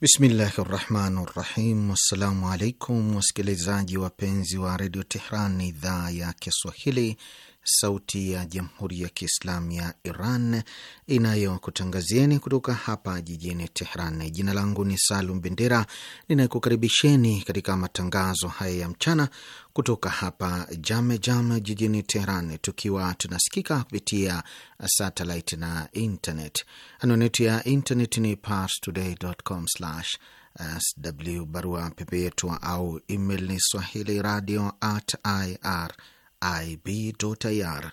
Bismillahi rahmani rahim. Wassalamu alaikum wasikilizaji wapenzi wa redio Tehran, idhaa ya Kiswahili, sauti ya jamhuri ya kiislamu ya Iran inayokutangazieni kutoka hapa jijini Tehran. Jina langu ni Salum Bendera, ninakukaribisheni katika matangazo haya ya mchana kutoka hapa Jame Jame jijini Teheran, tukiwa tunasikika kupitia satellite na internet. Anwani ya internet ni parstoday.com/sw. Barua pepe yetu au email ni swahili radio at irib.ir.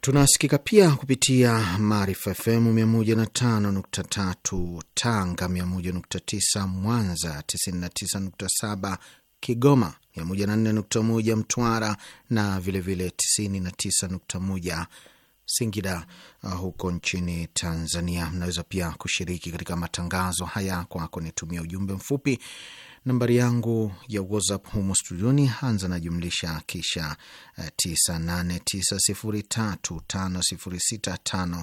Tunasikika pia kupitia Maarifa FM 105.3 Tanga, 101.9 Mwanza, 99.7 Kigoma, 104.1 Mtwara na vilevile 99.1 Singida uh, huko nchini Tanzania. Mnaweza pia kushiriki katika matangazo haya kwa kunitumia ujumbe mfupi. Nambari yangu ya WhatsApp humo studioni, anza na jumlisha kisha 9890350654 uh,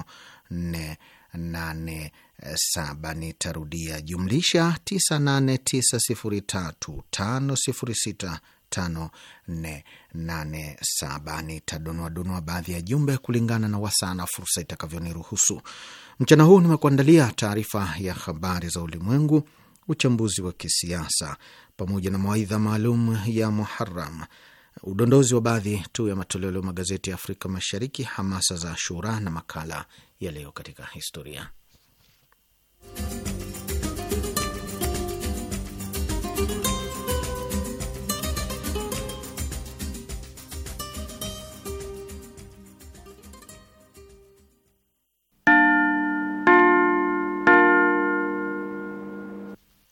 saba. Nitarudia, jumlisha 989035065487. dunua baadhi ya jumbe kulingana na wasaa na fursa itakavyoniruhusu. Mchana huu nimekuandalia taarifa ya habari za ulimwengu, uchambuzi wa kisiasa, pamoja na mawaidha maalum ya Muharam, udondozi wa baadhi tu ya matoleo leo magazeti ya Afrika Mashariki, hamasa za Shura na makala ya leo katika historia.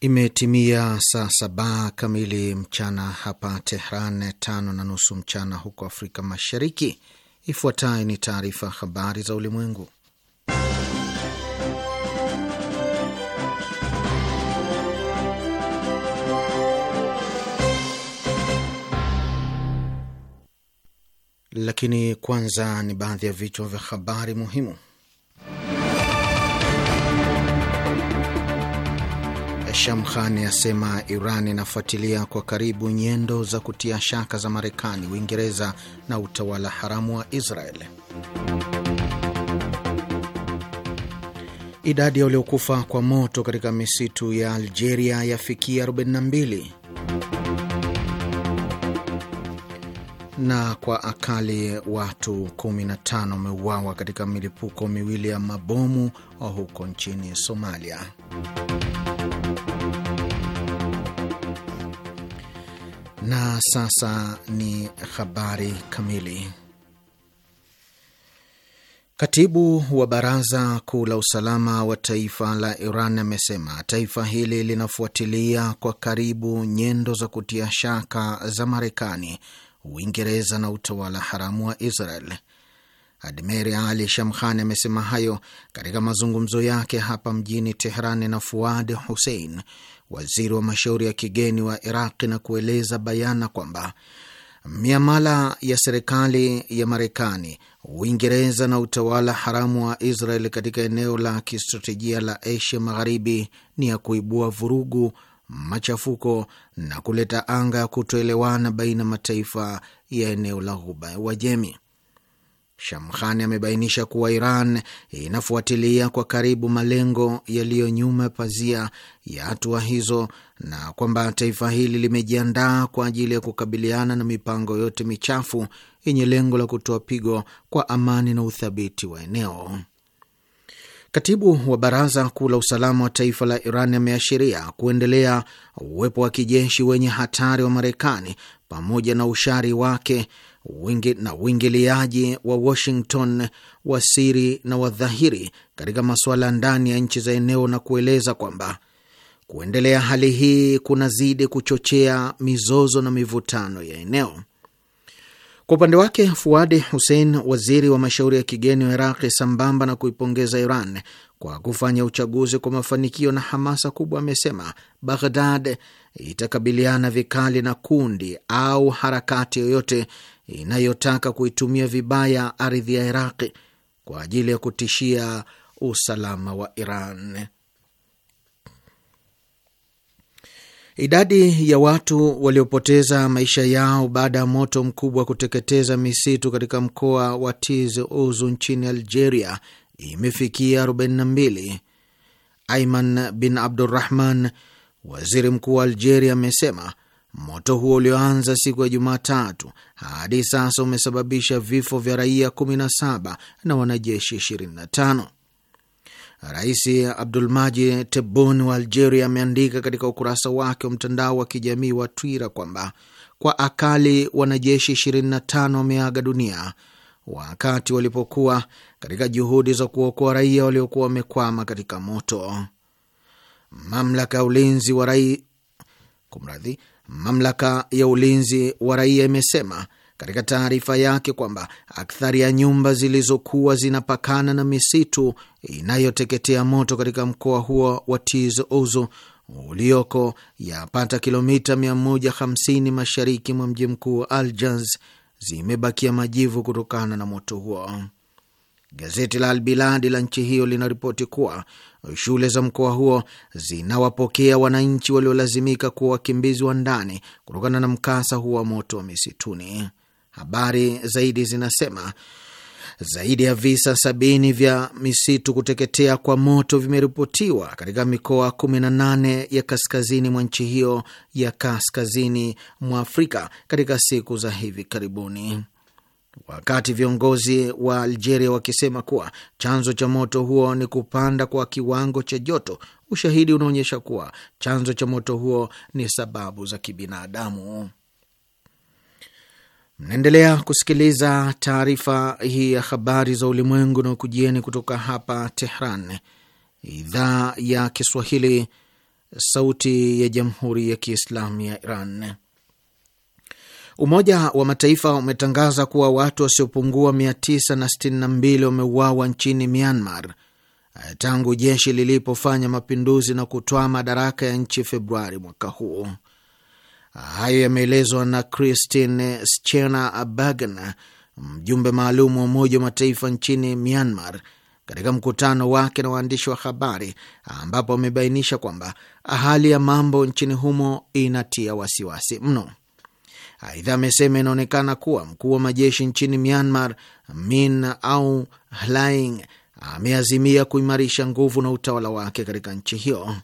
Imetimia saa saba kamili mchana hapa Tehran, tano na nusu mchana huko Afrika Mashariki. Ifuatayo ni taarifa habari za ulimwengu. lakini kwanza ni baadhi ya vichwa vya habari muhimu. Shamkhani asema Iran inafuatilia kwa karibu nyendo za kutia shaka za Marekani, Uingereza na utawala haramu wa Israel. Idadi ya waliokufa kwa moto katika misitu ya Algeria yafikia 42 na kwa akali watu 15 wameuawa katika milipuko miwili ya mabomu huko nchini Somalia. Na sasa ni habari kamili. Katibu wa Baraza Kuu la Usalama wa Taifa la Iran amesema taifa hili linafuatilia kwa karibu nyendo za kutia shaka za Marekani Uingereza na utawala haramu wa Israel. Admeri Ali Shamkhani amesema hayo katika mazungumzo yake hapa mjini Teherani na Fuad Hussein, waziri wa mashauri ya kigeni wa Iraqi, na kueleza bayana kwamba miamala ya serikali ya Marekani, Uingereza na utawala haramu wa Israel katika eneo la kistratejia la Asia Magharibi ni ya kuibua vurugu machafuko na kuleta anga ya kutoelewana baina mataifa ya eneo la Ghuba ya Uajemi. Shamkhani amebainisha kuwa Iran inafuatilia kwa karibu malengo yaliyo nyuma pazia ya hatua hizo na kwamba taifa hili limejiandaa kwa ajili ya kukabiliana na mipango yote michafu yenye lengo la kutoa pigo kwa amani na uthabiti wa eneo. Katibu wa Baraza Kuu la Usalama wa Taifa la Iran ameashiria kuendelea uwepo wa kijeshi wenye hatari wa Marekani pamoja na ushari wake wingi na uingiliaji wa Washington wa siri na wadhahiri katika masuala ndani ya nchi za eneo na kueleza kwamba kuendelea hali hii kunazidi kuchochea mizozo na mivutano ya eneo. Kwa upande wake Fuadi Hussein, waziri wa mashauri ya kigeni wa Iraqi, sambamba na kuipongeza Iran kwa kufanya uchaguzi kwa mafanikio na hamasa kubwa, amesema Baghdad itakabiliana vikali na kundi au harakati yoyote inayotaka kuitumia vibaya ardhi ya Iraqi kwa ajili ya kutishia usalama wa Iran. Idadi ya watu waliopoteza maisha yao baada ya moto mkubwa kuteketeza misitu katika mkoa wa Tiz uzu nchini Algeria imefikia 42. Aiman bin Abdurrahman, waziri mkuu wa Algeria, amesema moto huo ulioanza siku ya Jumatatu hadi sasa umesababisha vifo vya raia 17 na wanajeshi 25. Rais Abdulmaji tebun wa Algeria ameandika katika ukurasa wake wa mtandao wa kijamii wa twira kwamba kwa akali wanajeshi 25 wameaga dunia wakati walipokuwa katika juhudi za kuokoa raia waliokuwa wamekwama katika moto. Mamlaka ya ulinzi wa raia, kumradhi, mamlaka ya ulinzi wa raia imesema katika taarifa yake kwamba akthari ya nyumba zilizokuwa zinapakana na misitu inayoteketea moto katika mkoa huo wa Tizi Ouzou ulioko yapata kilomita 150 mashariki mwa mji mkuu wa Aljaz zimebakia majivu kutokana na moto huo. Gazeti la Albiladi la nchi hiyo linaripoti kuwa shule za mkoa huo zinawapokea wananchi waliolazimika kuwa wakimbizi wa ndani kutokana na mkasa huo wa moto wa misituni. Habari zaidi zinasema zaidi ya visa sabini vya misitu kuteketea kwa moto vimeripotiwa katika mikoa 18 ya kaskazini mwa nchi hiyo ya kaskazini mwa Afrika katika siku za hivi karibuni, wakati viongozi wa Algeria wakisema kuwa chanzo cha moto huo ni kupanda kwa kiwango cha joto. Ushahidi unaonyesha kuwa chanzo cha moto huo ni sababu za kibinadamu. Mnaendelea kusikiliza taarifa hii ya habari za ulimwengu na ukujieni kutoka hapa Tehran, idhaa ya Kiswahili, sauti ya jamhuri ya kiislamu ya Iran. Umoja wa Mataifa umetangaza kuwa watu wasiopungua 962 wameuawa nchini Myanmar eh, tangu jeshi lilipofanya mapinduzi na kutwaa madaraka ya nchi Februari mwaka huu. Hayo yameelezwa na Christine schena bagn mjumbe maalum wa Umoja wa Mataifa nchini Myanmar, katika mkutano wake na waandishi wa habari, ambapo amebainisha kwamba hali ya mambo nchini humo inatia wasiwasi mno. Aidha, amesema inaonekana kuwa mkuu wa majeshi nchini Myanmar, Min Aung Hlaing, ameazimia kuimarisha nguvu na utawala wake katika nchi hiyo.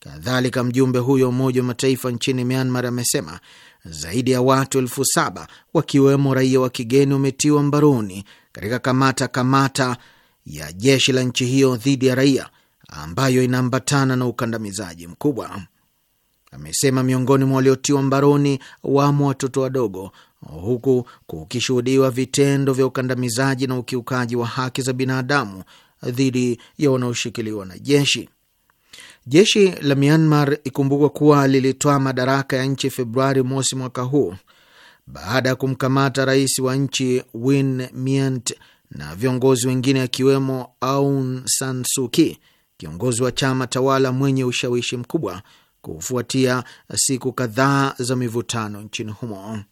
Kadhalika, mjumbe huyo wa Umoja wa Mataifa nchini Myanmar amesema zaidi ya watu elfu saba wakiwemo raia wa kigeni wametiwa mbaroni katika kamata kamata ya jeshi la nchi hiyo dhidi ya raia ambayo inaambatana na ukandamizaji mkubwa. Amesema miongoni mwa waliotiwa mbaroni wamo watoto wadogo, huku kukishuhudiwa vitendo vya ukandamizaji na ukiukaji wa haki za binadamu dhidi ya wanaoshikiliwa na jeshi. Jeshi la Myanmar ikumbukwa kuwa lilitoa madaraka ya nchi Februari mosi mwaka huu baada ya kumkamata rais wa nchi Win Myint na viongozi wengine akiwemo Aung San Suu Kyi, kiongozi wa chama tawala mwenye ushawishi mkubwa, kufuatia siku kadhaa za mivutano nchini humo.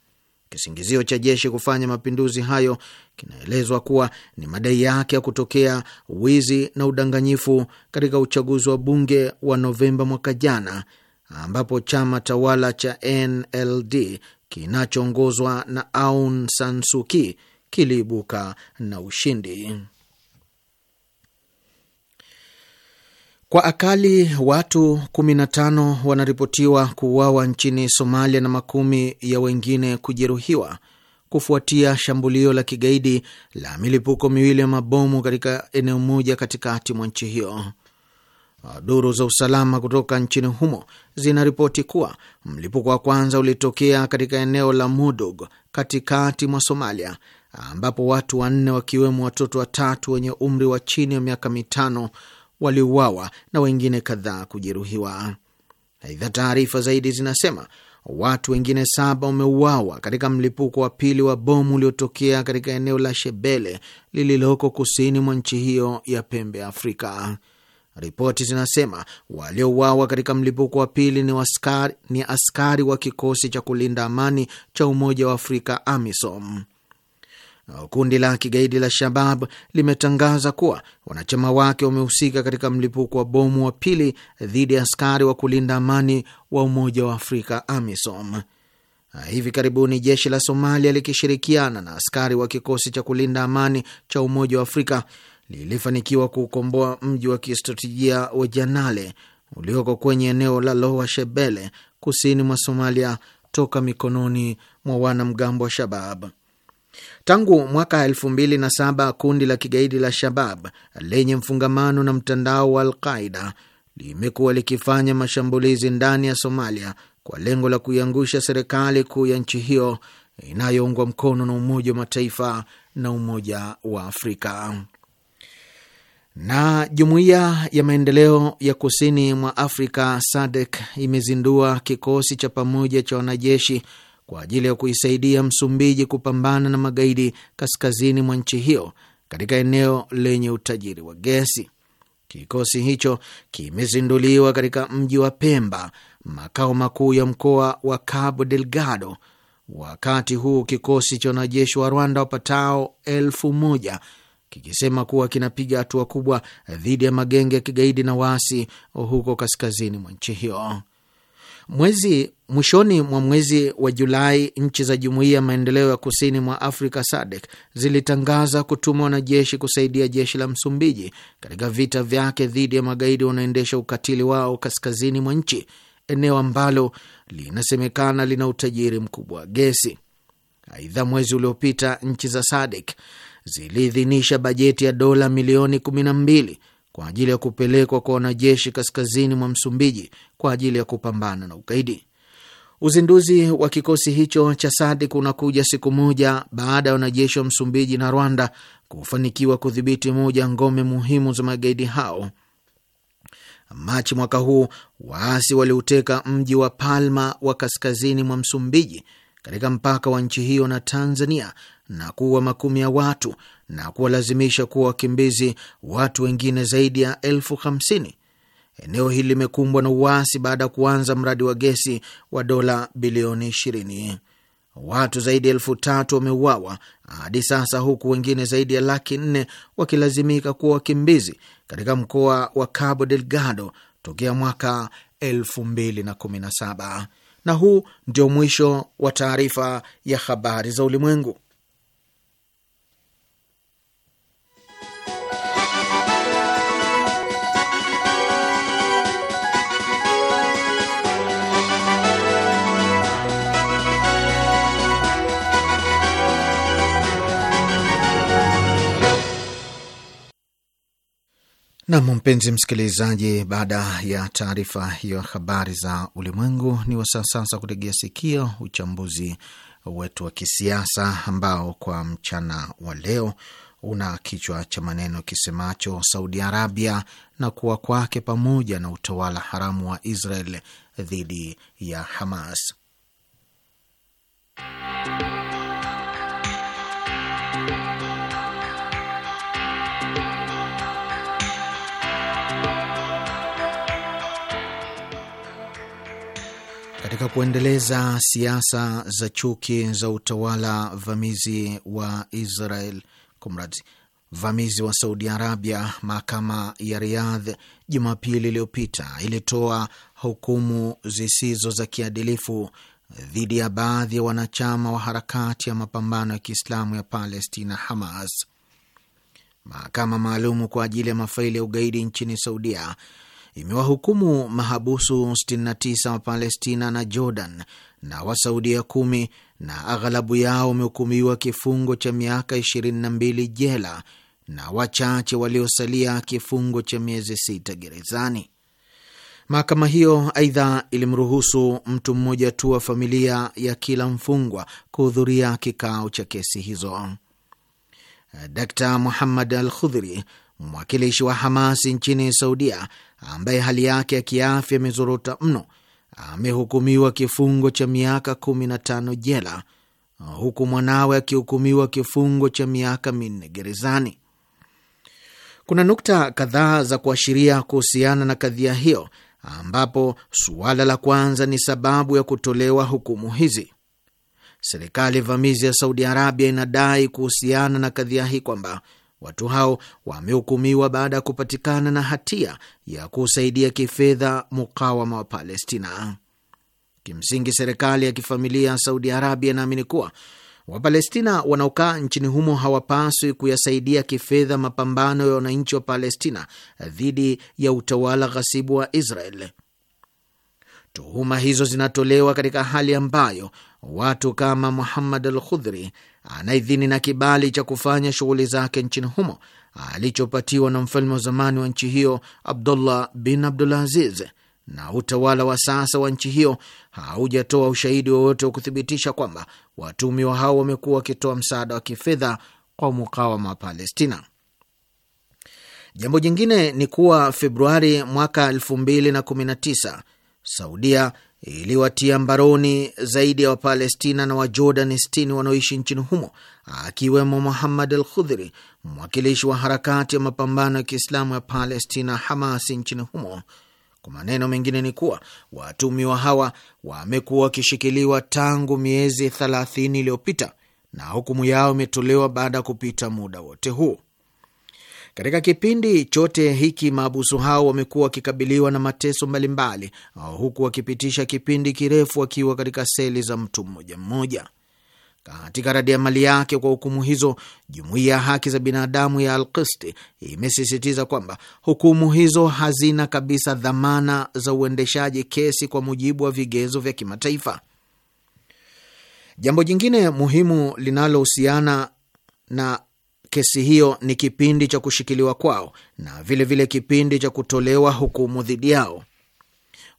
Kisingizio cha jeshi kufanya mapinduzi hayo kinaelezwa kuwa ni madai yake ya kutokea wizi na udanganyifu katika uchaguzi wa bunge wa Novemba mwaka jana, ambapo chama tawala cha NLD kinachoongozwa na Aung San Suu Kyi kiliibuka na ushindi. Kwa akali watu 15 wanaripotiwa kuuawa nchini Somalia na makumi ya wengine kujeruhiwa kufuatia shambulio la kigaidi la milipuko miwili ya mabomu katika eneo moja katikati mwa nchi hiyo. Duru za usalama kutoka nchini humo zinaripoti kuwa mlipuko wa kwanza ulitokea katika eneo la Mudug katikati mwa Somalia, ambapo watu wanne wakiwemo watoto watatu wenye umri wa chini ya miaka mitano waliuawa na wengine kadhaa kujeruhiwa. Aidha, taarifa zaidi zinasema watu wengine saba wameuawa katika mlipuko wa pili wa bomu uliotokea katika eneo la Shebele lililoko kusini mwa nchi hiyo ya pembe Afrika. Ripoti zinasema waliouawa katika mlipuko wa pili ni askari, ni askari wa kikosi cha kulinda amani cha Umoja wa Afrika AMISOM. Kundi la kigaidi la Shabab limetangaza kuwa wanachama wake wamehusika katika mlipuko wa bomu wa pili dhidi ya askari wa kulinda amani wa Umoja wa Afrika, AMISOM. Hivi karibuni jeshi la Somalia likishirikiana na askari wa kikosi cha kulinda amani cha Umoja wa Afrika lilifanikiwa kuukomboa mji wa kistratejia wa Janale ulioko kwenye eneo la Lowa Shebele kusini mwa Somalia toka mikononi mwa wanamgambo wa Shabab. Tangu mwaka elfu kundi la kigaidi la Shabab lenye mfungamano na mtandao wa Alqaida limekuwa likifanya mashambulizi ndani ya Somalia kwa lengo la kuiangusha serikali kuu ya nchi hiyo inayoungwa mkono na Umoja wa Mataifa na Umoja wa Afrika. Na Jumuiya ya Maendeleo ya Kusini mwa Afrika SADC imezindua kikosi cha pamoja cha wanajeshi kwa ajili ya kuisaidia Msumbiji kupambana na magaidi kaskazini mwa nchi hiyo katika eneo lenye utajiri wa gesi. Kikosi hicho kimezinduliwa katika mji wa Pemba, makao makuu ya mkoa wa Cabo Delgado. Wakati huu kikosi cha wanajeshi wa Rwanda wapatao elfu moja kikisema kuwa kinapiga hatua kubwa dhidi ya magenge ya kigaidi na waasi huko kaskazini mwa nchi hiyo mwezi mwishoni mwa mwezi wa Julai, nchi za Jumuiya ya Maendeleo ya Kusini mwa Afrika SADC zilitangaza kutuma wanajeshi kusaidia jeshi la Msumbiji katika vita vyake dhidi ya magaidi wanaendesha ukatili wao kaskazini mwa nchi, eneo ambalo linasemekana lina utajiri mkubwa wa gesi. Aidha, mwezi uliopita nchi za SADC ziliidhinisha bajeti ya dola milioni kumi na mbili kwa ajili ya kupelekwa kwa wanajeshi kaskazini mwa Msumbiji kwa ajili ya kupambana na ugaidi. Uzinduzi wa kikosi hicho cha SADC unakuja siku moja baada ya wanajeshi wa Msumbiji na Rwanda kufanikiwa kudhibiti moja ngome muhimu za magaidi hao. Machi mwaka huu waasi waliuteka mji wa Palma wa kaskazini mwa Msumbiji katika mpaka wa nchi hiyo na Tanzania na kuua makumi ya watu na kuwalazimisha kuwa wakimbizi watu wengine zaidi ya elfu hamsini. Eneo hili limekumbwa na uasi baada ya kuanza mradi wa gesi wa dola bilioni 20. Watu zaidi ya elfu tatu wameuawa hadi sasa, huku wengine zaidi ya laki nne wakilazimika kuwa wakimbizi katika mkoa wa Cabo Delgado tokea mwaka 2017. Na huu ndio mwisho wa taarifa ya habari za ulimwengu. Nam, mpenzi msikilizaji, baada ya taarifa hiyo habari za ulimwengu, ni wasaa sasa kutegea sikio uchambuzi wetu wa kisiasa ambao kwa mchana wa leo una kichwa cha maneno kisemacho Saudi Arabia na kuwa kwake pamoja na utawala haramu wa Israel dhidi ya Hamas. katika kuendeleza siasa za chuki za utawala vamizi wa Israel kumradzi vamizi wa Saudi Arabia. Mahakama ya Riyadh Jumapili iliyopita ilitoa hukumu zisizo za kiadilifu dhidi ya baadhi ya wanachama wa harakati ya mapambano ya Kiislamu ya Palestina, Hamas. Mahakama maalumu kwa ajili ya mafaili ya ugaidi nchini Saudia imewahukumu mahabusu 69 wa Palestina na Jordan na Wasaudia kumi na aghalabu yao wamehukumiwa kifungo cha miaka 22 jela na wachache waliosalia kifungo cha miezi sita gerezani. Mahakama hiyo aidha ilimruhusu mtu mmoja tu wa familia ya kila mfungwa kuhudhuria kikao cha kesi hizo. d Muhammad Al Khudhri, mwakilishi wa Hamasi nchini Saudia, ambaye hali yake ya kiafya imezorota mno amehukumiwa kifungo cha miaka kumi na tano jela huku mwanawe akihukumiwa kifungo cha miaka minne gerezani. Kuna nukta kadhaa za kuashiria kuhusiana na kadhia hiyo, ambapo suala la kwanza ni sababu ya kutolewa hukumu hizi. Serikali vamizi ya Saudi Arabia inadai kuhusiana na kadhia hii kwamba Watu hao wamehukumiwa baada ya kupatikana na hatia ya kusaidia kifedha mukawama wa Palestina. Kimsingi, serikali ya kifamilia ya Saudi Arabia inaamini kuwa Wapalestina wanaokaa nchini humo hawapaswi kuyasaidia kifedha mapambano ya wananchi wa Palestina dhidi ya utawala ghasibu wa Israel. Tuhuma hizo zinatolewa katika hali ambayo watu kama Muhammad al Khudhri ana idhini na kibali cha kufanya shughuli zake nchini humo alichopatiwa na mfalme wa zamani wa nchi hiyo Abdullah bin Abdulaziz, na utawala wa sasa wa nchi hiyo haujatoa ushahidi wowote wa kuthibitisha kwamba watumiwa hao wamekuwa wakitoa msaada wa kifedha kwa mukawama wa Palestina. Jambo jingine ni kuwa Februari mwaka 2019 Saudia iliwatia mbaroni zaidi ya Wapalestina na Wajordan sitini wanaoishi nchini humo, akiwemo Muhammad al Khudhri, mwakilishi wa harakati ya mapambano ya Kiislamu ya Palestina, Hamasi, nchini humo. Kwa maneno mengine ni kuwa watumiwa hawa wamekuwa wakishikiliwa tangu miezi 30 iliyopita na hukumu yao imetolewa baada ya kupita muda wote huo. Katika kipindi chote hiki maabusu hao wamekuwa wakikabiliwa na mateso mbalimbali, huku wakipitisha kipindi kirefu wakiwa katika seli za mtu mmoja mmoja. Katika radi ya mali yake kwa hukumu hizo, jumuiya ya haki za binadamu ya Alqist imesisitiza kwamba hukumu hizo hazina kabisa dhamana za uendeshaji kesi kwa mujibu wa vigezo vya kimataifa. Jambo jingine muhimu linalohusiana na kesi hiyo ni kipindi cha kushikiliwa kwao na vilevile vile kipindi cha kutolewa hukumu dhidi yao.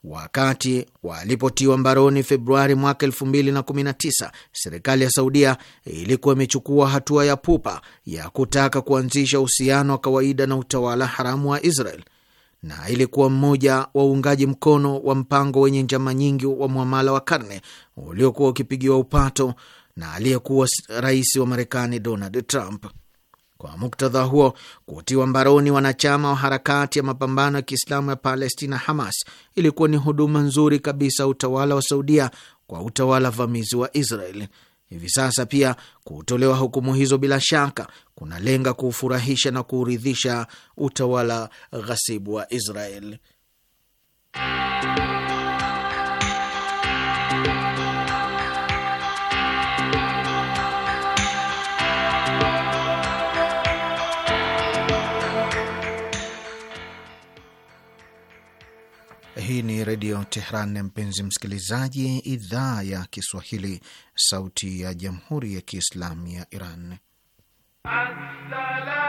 Wakati walipotiwa mbaroni Februari mwaka 2019, serikali ya Saudia ilikuwa imechukua hatua ya pupa ya kutaka kuanzisha uhusiano wa kawaida na utawala haramu wa Israel na ilikuwa mmoja wa uungaji mkono wa mpango wenye njama nyingi wa mwamala wa karne uliokuwa ukipigiwa upato na aliyekuwa rais wa Marekani Donald Trump. Kwa muktadha huo, kutiwa mbaroni wanachama wa harakati ya mapambano ya Kiislamu ya Palestina, Hamas, ilikuwa ni huduma nzuri kabisa utawala wa Saudia kwa utawala vamizi wa Israel. Hivi sasa pia kutolewa hukumu hizo bila shaka kunalenga kuufurahisha na kuuridhisha utawala ghasibu wa Israel. Hii ni Redio Tehran, mpenzi msikilizaji, idhaa ya Kiswahili, sauti ya Jamhuri ya Kiislamu ya Iran. Assalam.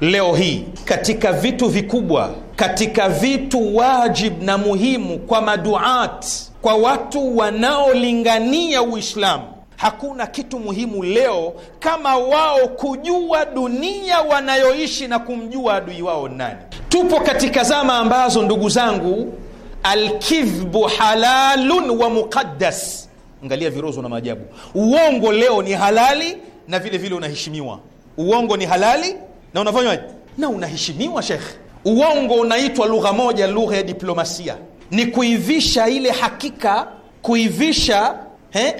leo hii katika vitu vikubwa, katika vitu wajib na muhimu kwa maduat, kwa watu wanaolingania Uislamu, hakuna kitu muhimu leo kama wao kujua dunia wanayoishi na kumjua adui wao nani. Tupo katika zama ambazo, ndugu zangu, alkidhbu halalun wa muqaddas. Angalia virozo na maajabu. Uongo leo ni halali na vile vile unaheshimiwa. Uongo ni halali na unafanywaje na unaheshimiwa shekhe. Uongo unaitwa lugha moja, lugha ya diplomasia ni kuivisha ile hakika, kuivisha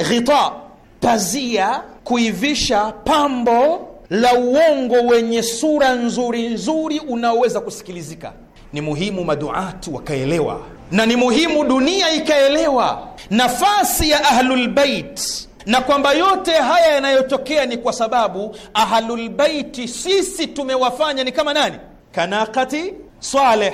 ghita pazia, kuivisha pambo la uongo wenye sura nzuri nzuri unaoweza kusikilizika. Ni muhimu maduati wakaelewa, na ni muhimu dunia ikaelewa nafasi ya Ahlulbeit na kwamba yote haya yanayotokea ni kwa sababu ahlulbaiti sisi tumewafanya ni kama nani? Kanakati Saleh.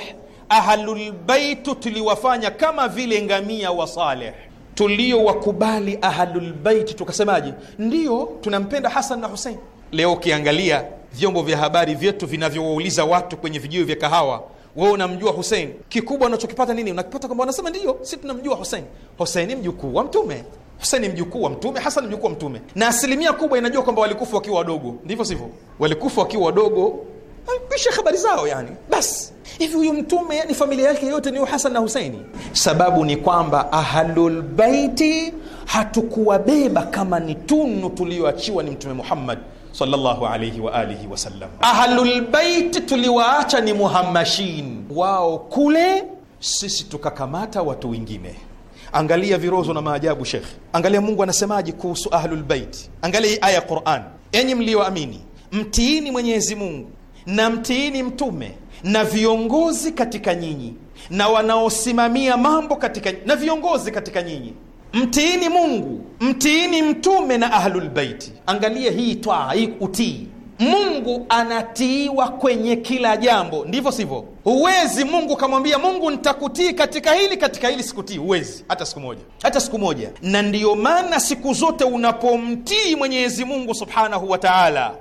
Ahlulbaitu tuliwafanya kama vile ngamia wa Saleh tuliowakubali ahlulbaiti, tukasemaje? ndio tunampenda Hasan na Husein. Leo ukiangalia vyombo vya habari vyetu vinavyowauliza watu kwenye vijio vya kahawa, wewe unamjua Husein, kikubwa unachokipata nini? Unakipata kwamba wanasema ndio si tunamjua Husein. Husein ni mjukuu wa Mtume Huseini mjukuu wa Mtume, Hasan mjukuu wa Mtume, na asilimia kubwa inajua kwamba walikufa wakiwa wadogo. Ndivyo sivyo? Walikufa wakiwa wadogo, kisha habari zao yani basi hivi. Huyu Mtume yani familia yake yote ni Hasan na Huseini. Sababu ni kwamba ahlulbaiti hatukuwabeba kama ni tunu tuliyoachiwa ni Mtume Muhammad sallallahu alayhi wa alihi wasallam. Ahlulbaiti tuliwaacha ni muhammashin wao kule, sisi tukakamata watu wengine Angalia virozo na maajabu Shekh, angalia Mungu anasemaje kuhusu ahlul bait. Angalia hii aya ya Quran: enyi mlioamini, mtiini Mwenyezi Mungu na mtiini mtume na viongozi katika nyinyi na wanaosimamia mambo katika na viongozi katika nyinyi. Mtiini Mungu, mtiini mtume na ahlulbeiti. Angalia hii twaa, hii utii Mungu anatiiwa kwenye kila jambo, ndivyo sivyo? Huwezi Mungu kamwambia Mungu, nitakutii katika hili, katika hili sikutii. Huwezi hata siku moja, hata siku moja. Na ndiyo maana siku zote unapomtii Mwenyezi Mungu subhanahu wa taala,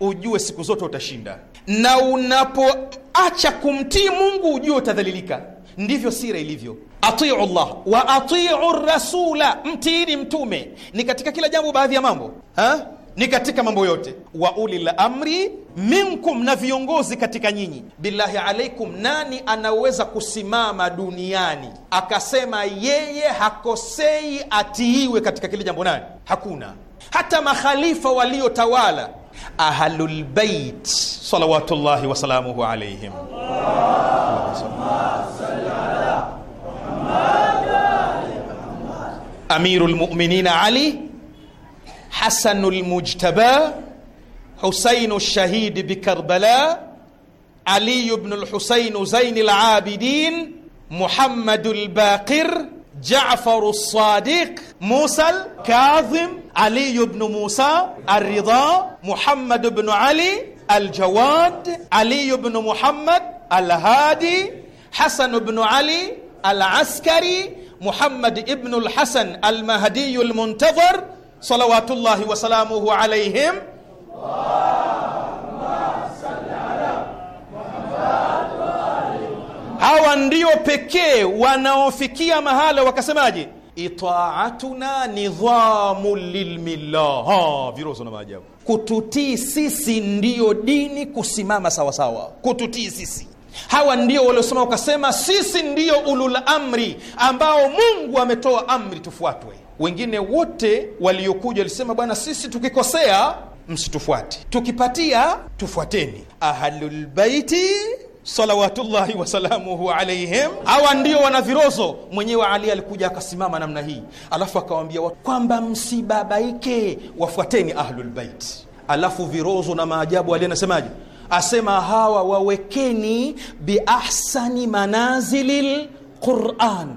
ujue siku zote utashinda, na unapoacha kumtii Mungu ujue utadhalilika. Ndivyo sira ilivyo. Atiu llah wa atiu rasula, mtiini mtume ni katika kila jambo, baadhi ya mambo ha? ni katika mambo yote. Wa ulil amri minkum, na viongozi katika nyinyi. Billahi alaikum, nani anaweza kusimama duniani akasema yeye hakosei atiiwe katika kile jambo? Nani? Hakuna. Hata makhalifa waliotawala Ahlulbeit salawatullahi wasalamuhu alaihim Amirul Ali حسن المجتبى حسين الشهيد بكربلاء علي بن الحسين زين العابدين محمد الباقر جعفر الصادق موسى الكاظم علي بن موسى الرضا محمد بن علي الجواد علي بن محمد الهادي حسن بن علي العسكري محمد ابن الحسن المهدي المنتظر salawatullahi wasalamuhu alaihim hawa ndio pekee wanaofikia mahala wakasemaje, itaatuna nidhamu lilmillah. Virozo na maajabu, kututii sisi ndiyo dini kusimama sawasawa, kututii sisi. Hawa ndio waliosema wakasema, sisi ndiyo ulul amri ambao Mungu ametoa amri tufuatwe. Wengine wote waliokuja walisema, bwana, sisi tukikosea msitufuate, tukipatia tufuateni. Ahlulbaiti salawatullahi wasalamuhu alaihim, hawa ndio wana virozo. Mwenyewe Ali alikuja akasimama namna hii, alafu watu kwamba msibabaike, wafuateni ahlulbaiti. Alafu virozo na maajabu Ali anasemaje? Asema hawa wawekeni biahsani manazili lquran.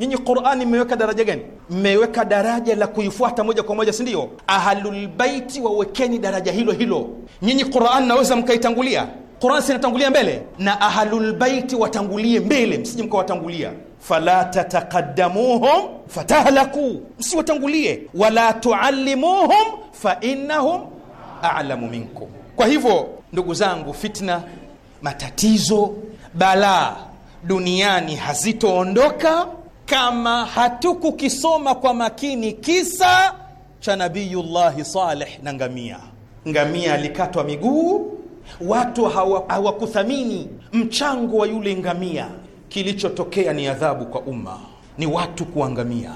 Nyinyi Qur'ani mmeweka daraja gani? Mmeweka daraja la kuifuata moja kwa moja, si ndio? Ahlulbaiti wawekeni daraja hilo hilo. Nyinyi Qur'ani naweza mkaitangulia Qur'ani, sinatangulia mbele na ahlulbaiti watangulie mbele, msije mkawatangulia fala tataqaddamuhum fatahlaku, msiwatangulie. Wala tuallimuhum fa innahum a'lamu minkum. Kwa hivyo ndugu zangu, fitna, matatizo, balaa duniani hazitoondoka kama hatukukisoma kwa makini kisa cha Nabiyullahi Saleh na ngamia. Ngamia alikatwa miguu, watu hawakuthamini hawa mchango wa yule ngamia. Kilichotokea ni adhabu kwa umma, ni watu kuangamia,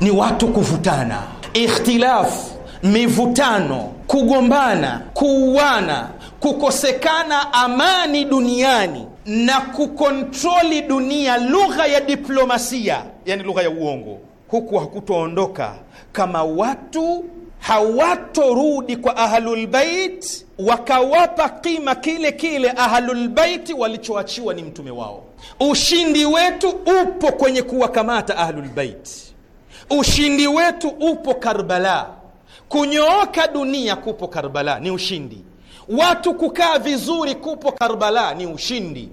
ni watu kuvutana, ikhtilafu, mivutano, kugombana, kuuana kukosekana amani duniani na kukontroli dunia, lugha ya diplomasia, yani lugha ya uongo, huku hakutoondoka kama watu hawatorudi kwa Ahlulbeit wakawapa kima kile kile Ahlulbeit walichoachiwa ni mtume wao. Ushindi wetu upo kwenye kuwakamata Ahlulbeit, ushindi wetu upo Karbala. Kunyooka dunia kupo Karbala, ni ushindi Watu kukaa vizuri kupo Karbala ni ushindi.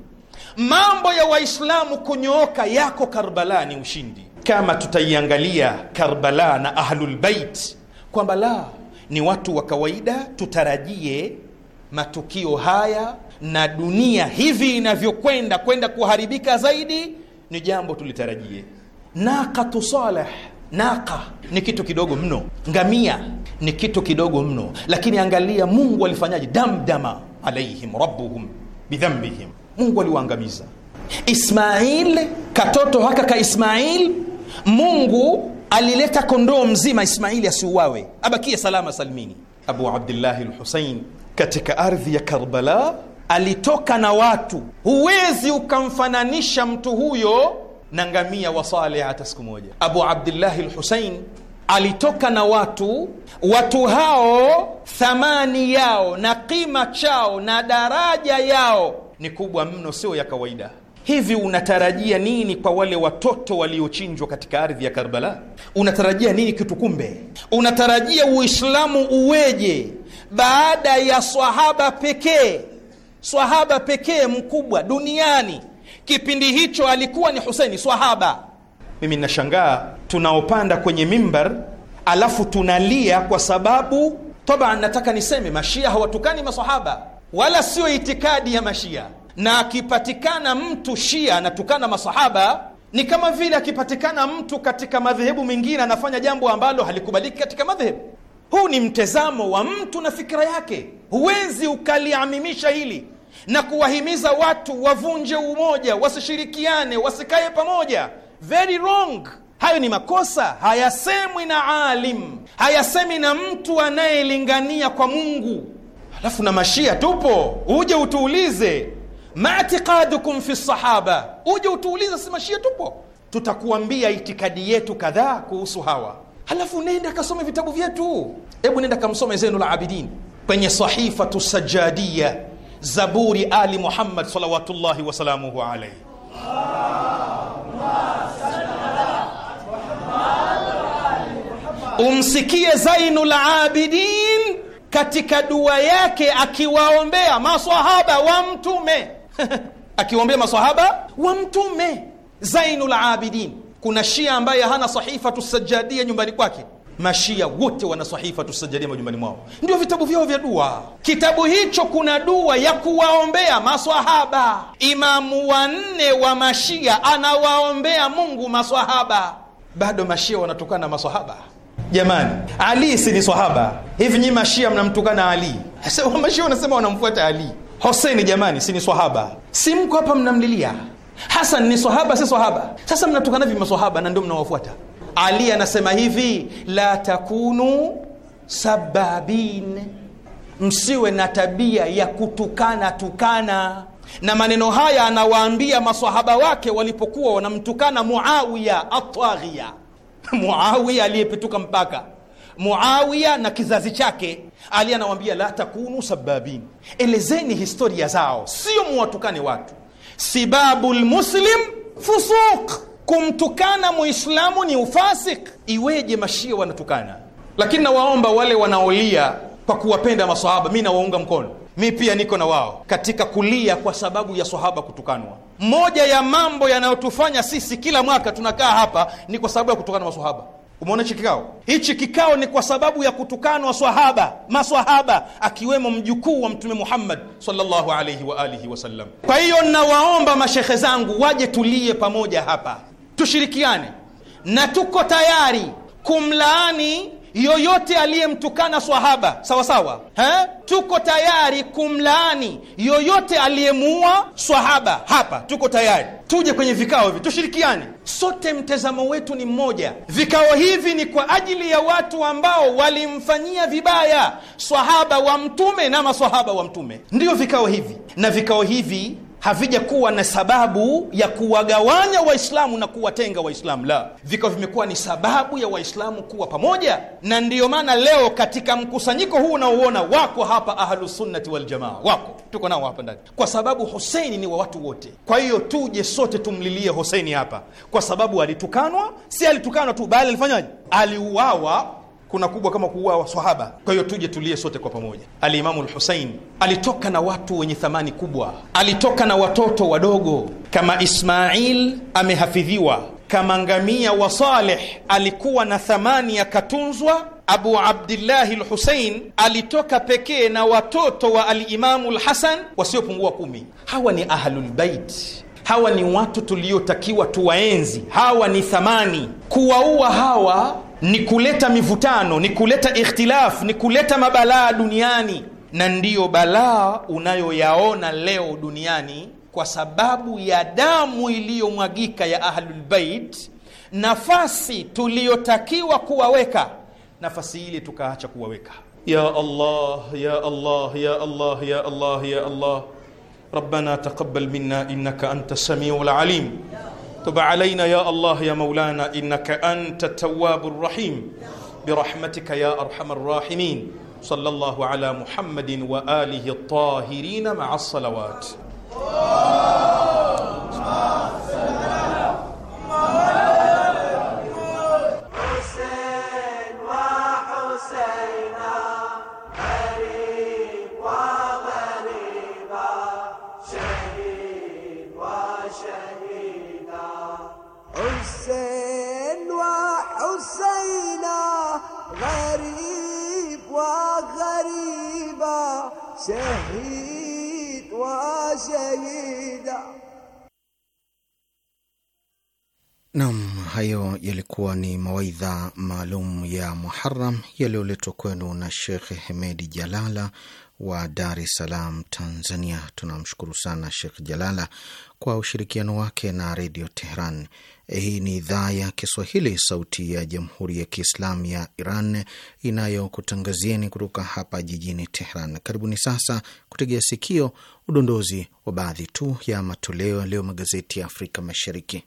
Mambo ya Waislamu kunyooka yako Karbala ni ushindi. Kama tutaiangalia Karbala na Ahlulbeit kwamba la ni watu wa kawaida, tutarajie matukio haya na dunia hivi inavyokwenda kwenda kuharibika zaidi, ni jambo tulitarajie. Naqatu Saleh Naka ni kitu kidogo mno, ngamia ni kitu kidogo mno, lakini angalia Mungu alifanyaje? Damdama alaihim rabbuhum bidhambihim, Mungu aliwaangamiza. Ismail katoto haka ka Ismail, Mungu alileta kondoo mzima Ismaili asiuawe, abakie salama salmini. Abu Abdillahi Lhusein katika ardhi ya Karbala alitoka na watu, huwezi ukamfananisha mtu huyo na ngamia wa Saleh hata siku moja. Abu Abdillahi Lhusein alitoka na watu watu hao, thamani yao na kima chao na daraja yao ni kubwa mno, sio ya kawaida. Hivi unatarajia nini kwa wale watoto waliochinjwa katika ardhi ya Karbala? Unatarajia nini kitu? Kumbe unatarajia Uislamu uweje baada ya swahaba pekee, swahaba pekee mkubwa duniani Kipindi hicho alikuwa ni Husaini swahaba. Mimi ninashangaa tunaopanda kwenye mimbar alafu tunalia kwa sababu toba. nataka niseme mashia hawatukani masahaba, wala sio itikadi ya mashia. Na akipatikana mtu shia anatukana masahaba ni kama vile akipatikana mtu katika madhehebu mengine anafanya jambo ambalo halikubaliki katika madhehebu. Huu ni mtazamo wa mtu na fikira yake, huwezi ukaliamimisha hili na kuwahimiza watu wavunje umoja, wasishirikiane, wasikaye pamoja. Very wrong. Hayo ni makosa, hayasemwi na alim, hayasemi na mtu anayelingania kwa Mungu. Alafu na mashia tupo, uje utuulize maatiqadukum fi sahaba, uje utuulize, si mashia tupo, tutakuambia itikadi yetu kadhaa kuhusu hawa. Halafu nenda kasome vitabu vyetu, hebu nenda kamsome Zainul Abidin kwenye Sahifatu Sajadia Zaburi Ali Muhammad salawatullahi wasalamuhu alaihi. Umsikie Zainul Abidin katika dua yake akiwaombea maswahaba wa Mtume akiwaombea maswahaba wa Mtume Zainul Abidin. Kuna Shia ambaye hana sahifa tusajadia nyumbani kwake mashia wote wana sahifa tusajalia majumbani mwao, ndio vitabu vyao vya dua. Kitabu hicho kuna dua ya kuwaombea maswahaba. Imamu wanne wa mashia anawaombea Mungu maswahaba. Bado mashia wanatukana maswahaba. Jamani, Ali si ni swahaba? Hivi nyi mashia mnamtukana Ali? mashia wanasema wanamfuata Ali. Hoseni jamani, si ni swahaba? Si mko hapa mnamlilia Hasan? Ni swahaba si swahaba? Sasa mnatukana vi maswahaba na ndio mnawafuata ali anasema hivi, la takunu sababin, msiwe na tabia ya kutukana tukana. Na maneno haya anawaambia masahaba wake walipokuwa wanamtukana Muawiya atwaghia, Muawiya aliyepituka mpaka Muawiya na kizazi chake. Ali anawaambia la takunu sababin, elezeni historia zao, sio muwatukane watu. Sibabu lmuslim fusuq kumtukana muislamu ni ufasik. Iweje mashia wanatukana? Lakini nawaomba wale wanaolia kwa kuwapenda masahaba, mi nawaunga mkono, mi pia niko na wao katika kulia kwa sababu ya sahaba kutukanwa. Moja ya mambo yanayotufanya sisi kila mwaka tunakaa hapa ni kwa sababu ya kutukana masahaba. Umeona hichi kikao, hichi kikao ni kwa sababu ya kutukanwa swahaba, maswahaba akiwemo mjukuu wa Mtume Muhammad sallallahu alaihi wa alihi wasallam. Kwa hiyo nawaomba mashehe zangu waje tulie pamoja hapa, tushirikiane na tuko tayari kumlaani yoyote aliyemtukana swahaba sawa sawa, ha? Tuko tayari kumlaani yoyote aliyemuua swahaba hapa, tuko tayari. Tuje kwenye vikao hivi tushirikiane sote, mtazamo wetu ni mmoja. Vikao hivi ni kwa ajili ya watu ambao walimfanyia vibaya swahaba wa Mtume na maswahaba wa Mtume, ndio vikao hivi, na vikao hivi havijakuwa na sababu ya kuwagawanya Waislamu na kuwatenga Waislamu, la, viko vimekuwa ni sababu ya Waislamu kuwa pamoja. Na ndiyo maana leo katika mkusanyiko huu unaouona wako hapa Ahlusunnati Waljamaa, wako tuko nao hapa ndani, kwa sababu Huseini ni wa watu wote. Kwa hiyo tuje sote tumlilie Huseini hapa, kwa sababu alitukanwa, si alitukanwa tu, bali alifanyaje? Aliuawa kuna kubwa kama kuua waswahaba. Kwa hiyo tuje tulie sote kwa pamoja. Alimamu Lhusein alitoka na watu wenye thamani kubwa, alitoka na watoto wadogo kama Ismail amehafidhiwa, kama ngamia wa Saleh alikuwa na thamani ya katunzwa. Abu Abdillahi Lhusein alitoka pekee na watoto wa Alimamu Lhasan wasiopungua kumi. Hawa ni Ahlulbaiti. Hawa ni watu tuliotakiwa tuwaenzi. Hawa ni thamani. Kuwaua hawa ni kuleta mivutano, ni kuleta ikhtilafu, ni kuleta mabalaa duniani, na ndiyo balaa unayoyaona leo duniani kwa sababu ya damu iliyomwagika ya Ahlulbeit, nafasi tuliyotakiwa kuwaweka, nafasi ile tukaacha kuwaweka. Ya Allah ya Allah ya Allah ya Allah ya Allah, rabbana taqabbal minna innaka anta samiul lalim تب علينا يا الله يا مولانا إنك أنت التواب الرحيم برحمتك يا أرحم الراحمين صلى الله على محمد وآله الطاهرين مع الصلوات مع السلامة شهيد وشهيدا. Naam, hayo yalikuwa ni mawaidha maalum ya Muharam yaliyoletwa kwenu na Shekh Hemedi Jalala wa Dar es Salaam, Tanzania. Tunamshukuru sana Shekh Jalala kwa ushirikiano wake na Redio Tehran. Hii ni idhaa ya Kiswahili, sauti ya jamhuri ya kiislamu ya Iran inayokutangazieni kutoka hapa jijini Tehran. Karibuni sasa kutegea sikio udondozi wa baadhi tu ya matoleo leo magazeti ya Afrika Mashariki.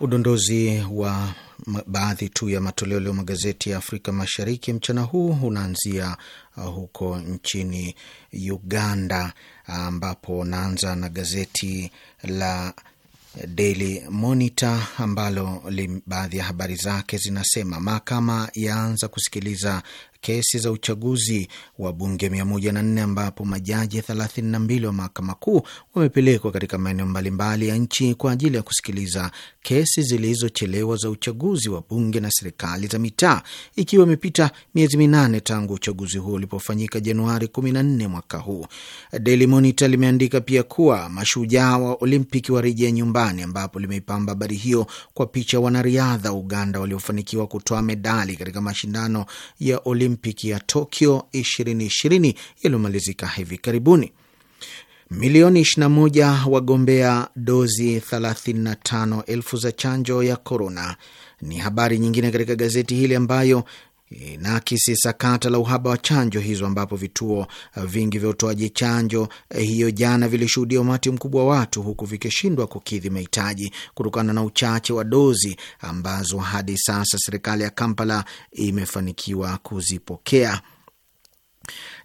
Udondozi wa baadhi tu ya matoleo leo magazeti ya Afrika Mashariki mchana huu unaanzia uh, huko nchini Uganda, ambapo naanza na gazeti la Daily Monitor ambalo baadhi ya habari zake zinasema mahakama yaanza kusikiliza kesi za uchaguzi wa bunge 104 ambapo majaji 32 wa mahakama kuu wamepelekwa katika maeneo mbalimbali ya nchi kwa ajili ya kusikiliza kesi zilizochelewa za uchaguzi wa bunge na serikali za mitaa, ikiwa imepita miezi minane tangu uchaguzi huo ulipofanyika Januari 14 mwaka huu. Daily Monitor limeandika pia kuwa mashujaa wa Olimpiki warejea nyumbani, ambapo limeipamba habari hiyo kwa picha wanariadha Uganda waliofanikiwa kutoa medali katika mashindano ya Olimpiki Olimpiki ya Tokyo 2020 yaliyomalizika hivi karibuni. Milioni 21 wagombea dozi 35 elfu za chanjo ya korona ni habari nyingine katika gazeti hili ambayo inaakisi sakata la uhaba wa chanjo hizo ambapo vituo vingi vya utoaji chanjo eh, hiyo jana vilishuhudia umati mkubwa wa watu huku vikishindwa kukidhi mahitaji kutokana na uchache wa dozi ambazo hadi sasa serikali ya Kampala imefanikiwa kuzipokea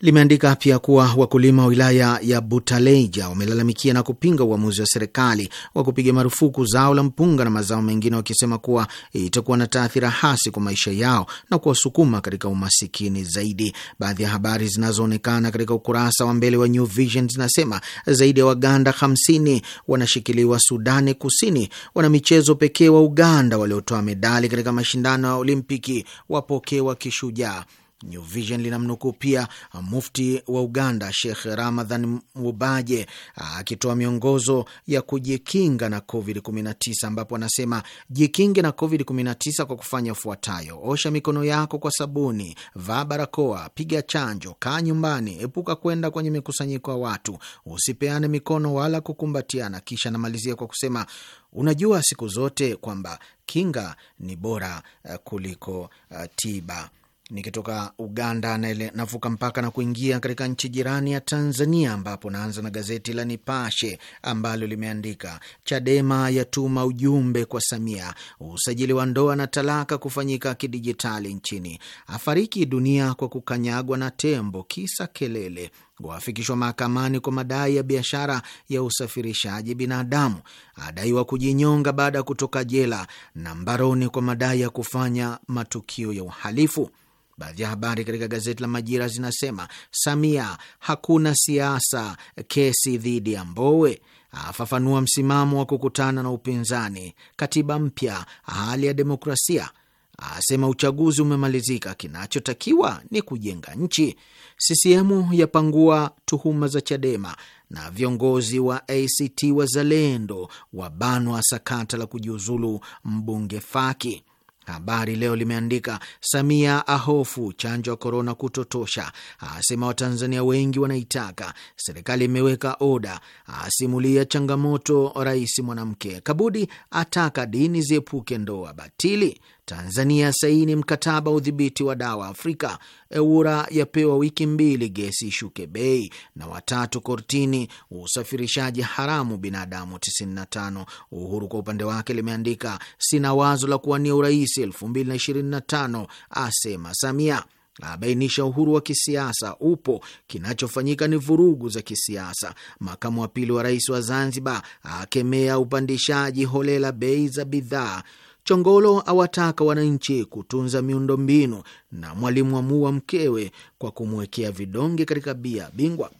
limeandika pia kuwa wakulima wa wilaya ya Butaleja wamelalamikia na kupinga uamuzi wa serikali wa kupiga marufuku zao la mpunga na mazao mengine, wakisema kuwa itakuwa na taathira hasi kwa maisha yao na kuwasukuma katika umasikini zaidi. Baadhi ya habari zinazoonekana katika ukurasa wa mbele wa New Vision zinasema zaidi ya Waganda 50 wanashikiliwa Sudani Kusini, wanamichezo pekee wa Uganda waliotoa medali katika mashindano ya Olimpiki wapokewa kishujaa. New Vision linamnukuu pia uh, mufti wa Uganda shekh Ramadhan Mubaje uh, akitoa miongozo ya kujikinga na COVID-19 ambapo anasema jikinge na COVID-19 kwa kufanya ufuatayo: osha mikono yako kwa sabuni, vaa barakoa, piga chanjo, kaa nyumbani, epuka kwenda kwenye mikusanyiko ya watu, usipeane mikono wala kukumbatiana. Kisha namalizia kwa kusema unajua siku zote kwamba kinga ni bora uh, kuliko tiba. Nikitoka Uganda navuka mpaka na kuingia katika nchi jirani ya Tanzania, ambapo naanza na gazeti la Nipashe ambalo limeandika Chadema yatuma ujumbe kwa Samia, usajili wa ndoa na talaka kufanyika kidijitali nchini, afariki dunia kwa kukanyagwa na tembo kisa kelele, wafikishwa mahakamani kwa madai ya biashara ya usafirishaji binadamu, adaiwa kujinyonga baada ya kutoka jela, na mbaroni kwa madai ya kufanya matukio ya uhalifu. Baadhi ya habari katika gazeti la Majira zinasema Samia, hakuna siasa, kesi dhidi ya Mbowe, afafanua msimamo wa kukutana na upinzani, katiba mpya, hali ya demokrasia, asema uchaguzi umemalizika, kinachotakiwa ni kujenga nchi. CCM yapangua tuhuma za Chadema na viongozi wa ACT Wazalendo wabanwa sakata la kujiuzulu mbunge Faki Habari Leo limeandika Samia ahofu chanjo ya korona kutotosha, asema Watanzania wengi wanaitaka, serikali imeweka oda, asimulia changamoto rais mwanamke, Kabudi ataka dini ziepuke ndoa batili, Tanzania saini mkataba wa udhibiti wa dawa Afrika. eura yapewa wiki mbili gesi ishuke bei. Na watatu kortini usafirishaji haramu binadamu 95. Uhuru kwa upande wake limeandika sina wazo la kuwania urais 2025 asema Samia abainisha uhuru wa kisiasa upo, kinachofanyika ni vurugu za kisiasa. Makamu wa pili wa rais wa Zanzibar akemea upandishaji holela bei za bidhaa. Chongolo awataka wananchi kutunza miundombinu, na Mwalimu amua mkewe kwa kumwekea vidonge katika bia bingwa.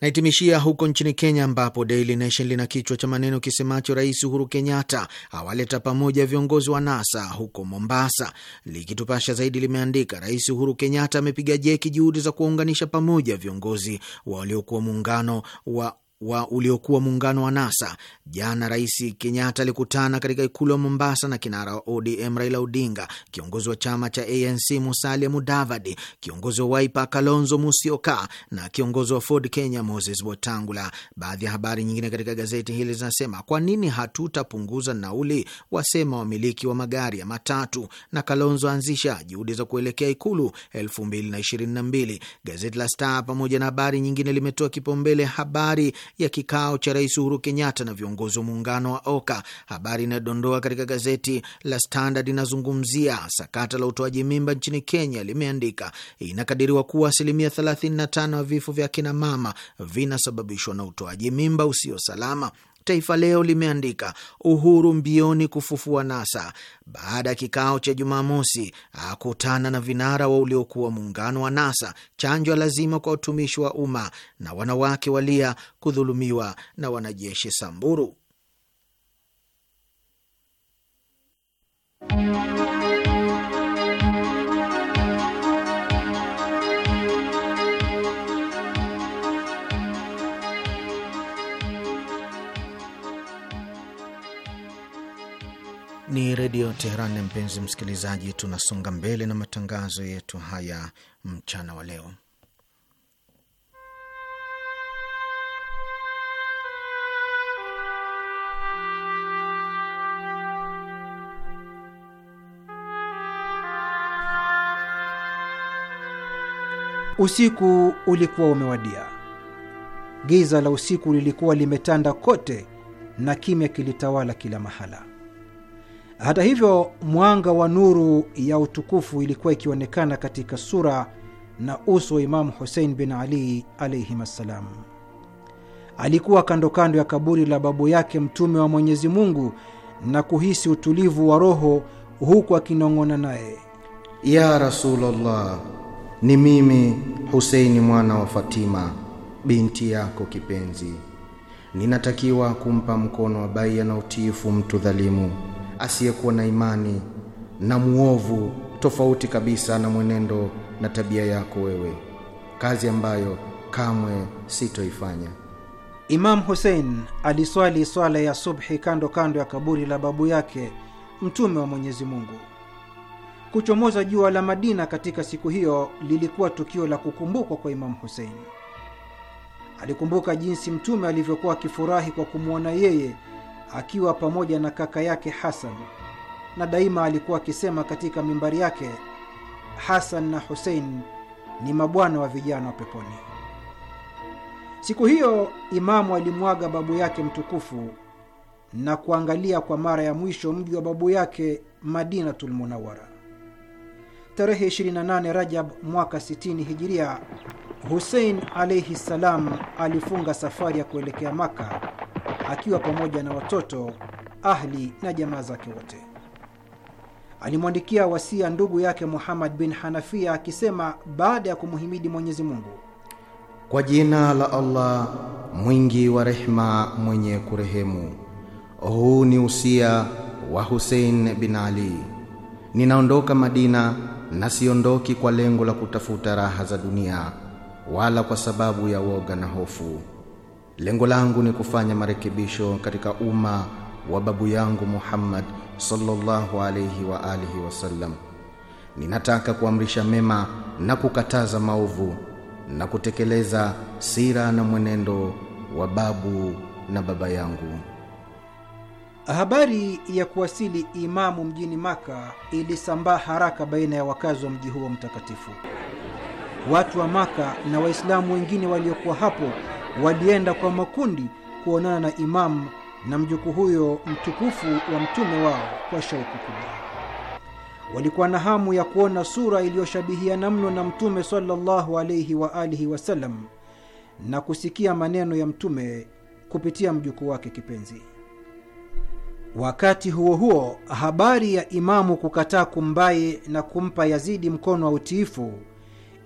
Naitimishia huko nchini Kenya ambapo Daily Nation lina kichwa cha maneno kisemacho Rais Uhuru Kenyatta awaleta pamoja viongozi wa NASA huko Mombasa. Likitupasha zaidi limeandika Rais Uhuru Kenyatta amepiga jeki juhudi za kuwaunganisha pamoja viongozi waliokuwa muungano wa wa uliokuwa muungano wa NASA. Jana Rais Kenyatta alikutana katika ikulu ya Mombasa na kinara wa ODM Raila Odinga, kiongozi wa chama cha ANC Musalia Mudavadi, kiongozi wa Wiper Kalonzo Musyoka na kiongozi wa Ford Kenya Moses Wetangula. Baadhi ya habari nyingine katika gazeti hili zinasema: kwa nini hatutapunguza nauli, wasema wamiliki wa magari ya matatu, na Kalonzo aanzisha juhudi za kuelekea ikulu 2022. Gazeti la Star pamoja na habari nyingine limetoa kipaumbele habari ya kikao cha Rais Uhuru Kenyatta na viongozi wa muungano wa OKA. Habari inayodondoa katika gazeti la Standard inazungumzia sakata la utoaji mimba nchini Kenya. Limeandika inakadiriwa kuwa asilimia 35 ya vifo vya kinamama vinasababishwa na utoaji mimba usio salama. Taifa Leo limeandika Uhuru mbioni kufufua NASA baada ya kikao cha Jumamosi, akutana na vinara wa uliokuwa muungano wa NASA, chanjo lazima kwa utumishi wa umma, na wanawake walia kudhulumiwa na wanajeshi Samburu. Ni Redio Teheran. Mpenzi msikilizaji, tunasonga mbele na matangazo yetu haya mchana wa leo. Usiku ulikuwa umewadia. Giza la usiku lilikuwa limetanda kote na kimya kilitawala kila mahala. Hata hivyo, mwanga wa nuru ya utukufu ilikuwa ikionekana katika sura na uso wa Imamu Husein bin Ali alaihim assalam. Alikuwa kando kando ya kaburi la babu yake Mtume wa Mwenyezi Mungu na kuhisi utulivu wa roho, huku akinong'ona naye, ya Rasulullah, ni mimi Huseini mwana wa Fatima binti yako kipenzi, ninatakiwa kumpa mkono wa baia na utiifu mtu dhalimu asiyekuwa na imani na muovu, tofauti kabisa na mwenendo na tabia yako wewe, kazi ambayo kamwe sitoifanya. Imamu Hussein aliswali swala ya subhi kando kando ya kaburi la babu yake Mtume wa Mwenyezi Mungu. Kuchomoza jua la Madina katika siku hiyo lilikuwa tukio la kukumbukwa kwa Imamu Hussein. Alikumbuka jinsi Mtume alivyokuwa akifurahi kwa kumwona yeye akiwa pamoja na kaka yake Hasan, na daima alikuwa akisema katika mimbari yake, Hasan na Husein ni mabwana wa vijana wa peponi. Siku hiyo Imamu alimwaga babu yake mtukufu na kuangalia kwa mara ya mwisho mji wa babu yake Madinatul Munawara. Tarehe 28 Rajab mwaka 60 Hijiria, Husein alaihi ssalam alifunga safari ya kuelekea Maka akiwa pamoja na watoto, ahli na jamaa zake wote. Alimwandikia wasia ndugu yake Muhammad bin Hanafia akisema baada ya kumhimidi Mwenyezi Mungu: kwa jina la Allah mwingi wa rehema, mwenye kurehemu. Huu ni usia wa Hussein bin Ali. Ninaondoka Madina na siondoki kwa lengo la kutafuta raha za dunia wala kwa sababu ya woga na hofu Lengo langu ni kufanya marekebisho katika umma wa babu yangu Muhammad sallallahu alayhi wa alihi wasallam. Ninataka kuamrisha mema na kukataza maovu na kutekeleza sira na mwenendo wa babu na baba yangu. Habari ya kuwasili Imamu mjini Maka ilisambaa haraka baina ya wakazi wa mji huo mtakatifu. Watu wa Maka na Waislamu wengine waliokuwa hapo walienda kwa makundi kuonana na imamu na mjukuu huyo mtukufu wa mtume wao kwa shauku kubwa. Walikuwa na hamu ya kuona sura iliyoshabihiana mno na mtume sallallahu alaihi wa alihi wasallam na kusikia maneno ya mtume kupitia mjukuu wake kipenzi. Wakati huo huo, habari ya imamu kukataa kumbai na kumpa Yazidi mkono wa utiifu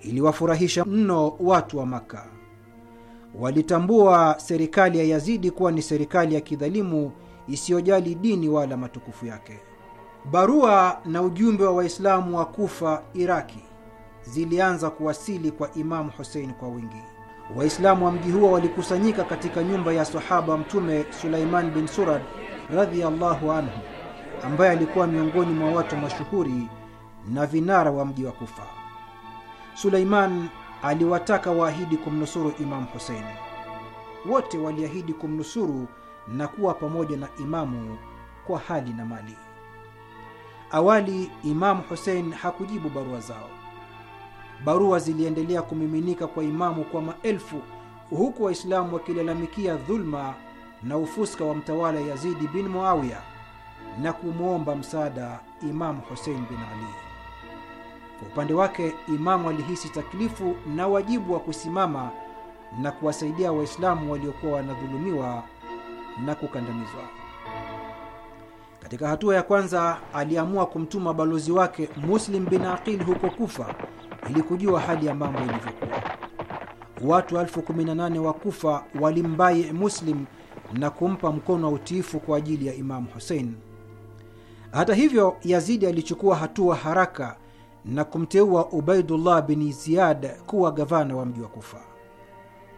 iliwafurahisha mno watu wa Makka. Walitambua serikali ya Yazidi kuwa ni serikali ya kidhalimu isiyojali dini wala matukufu yake. Barua na ujumbe wa Waislamu wa Kufa, Iraki, zilianza kuwasili kwa Imamu Husein kwa wingi. Waislamu wa mji huo walikusanyika katika nyumba ya sahaba Mtume Sulaiman bin Surad radhiyallahu anhu, ambaye alikuwa miongoni mwa watu mashuhuri na vinara wa mji wa Kufa. Sulaiman aliwataka waahidi kumnusuru Imamu Huseini. Wote waliahidi kumnusuru na kuwa pamoja na Imamu kwa hali na mali. Awali Imamu Husein hakujibu barua zao. Barua ziliendelea kumiminika kwa Imamu kwa maelfu, huku Waislamu wakilalamikia dhuluma na ufuska wa mtawala Yazidi bin Muawiya na kumwomba msaada Imamu Husein bin Ali. Kwa upande wake, Imamu alihisi taklifu na wajibu wa kusimama na kuwasaidia Waislamu waliokuwa wanadhulumiwa na kukandamizwa. Katika hatua ya kwanza, aliamua kumtuma balozi wake Muslim bin Aqil huko Kufa ili kujua hali ya mambo ilivyokuwa. Watu elfu kumi na nane wa Kufa walimbai Muslim na kumpa mkono wa utiifu kwa ajili ya Imamu Husein. Hata hivyo, Yazidi alichukua hatua haraka na kumteua Ubaidullah bin Ziyad kuwa gavana wa mji wa Kufa.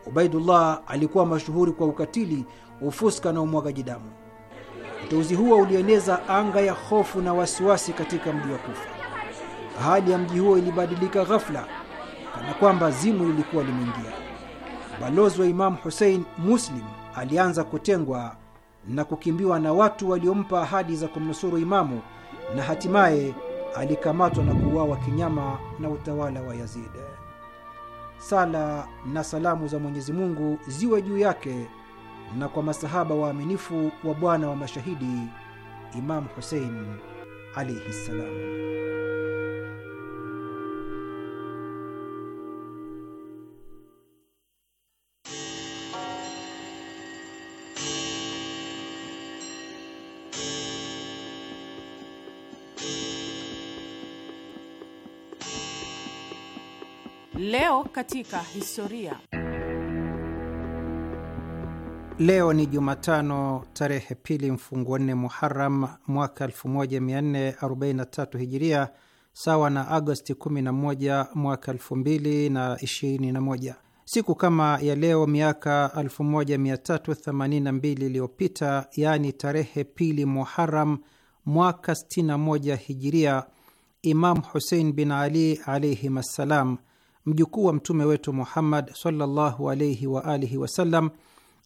Ubaidullah alikuwa mashuhuri kwa ukatili, ufuska na umwagaji damu. Uteuzi huo ulieneza anga ya hofu na wasiwasi katika mji wa Kufa. Hali ya mji huo ilibadilika ghafla, kana kwamba zimu lilikuwa limeingia. Balozi wa Imamu Husein Muslim alianza kutengwa na kukimbiwa na watu waliompa ahadi za kumnusuru Imamu na hatimaye alikamatwa na kuuawa kinyama na utawala wa Yazid. Sala na salamu za Mwenyezi Mungu ziwe juu yake na kwa masahaba waaminifu wa bwana wa mashahidi Imamu Husein alaihi ssalam. Leo katika historia. Leo ni Jumatano tarehe pili mfunguo nne Muharam mwaka 1443 Hijiria, sawa na Agosti 11 mwaka 2021. Siku kama ya leo miaka 1382 iliyopita, yaani tarehe pili Muharam mwaka 61 Hijiria, Imam Husein bin Ali alaihim assalam mjukuu wa mtume wetu Muhammad sallallahu alaihi wa alihi wasallam,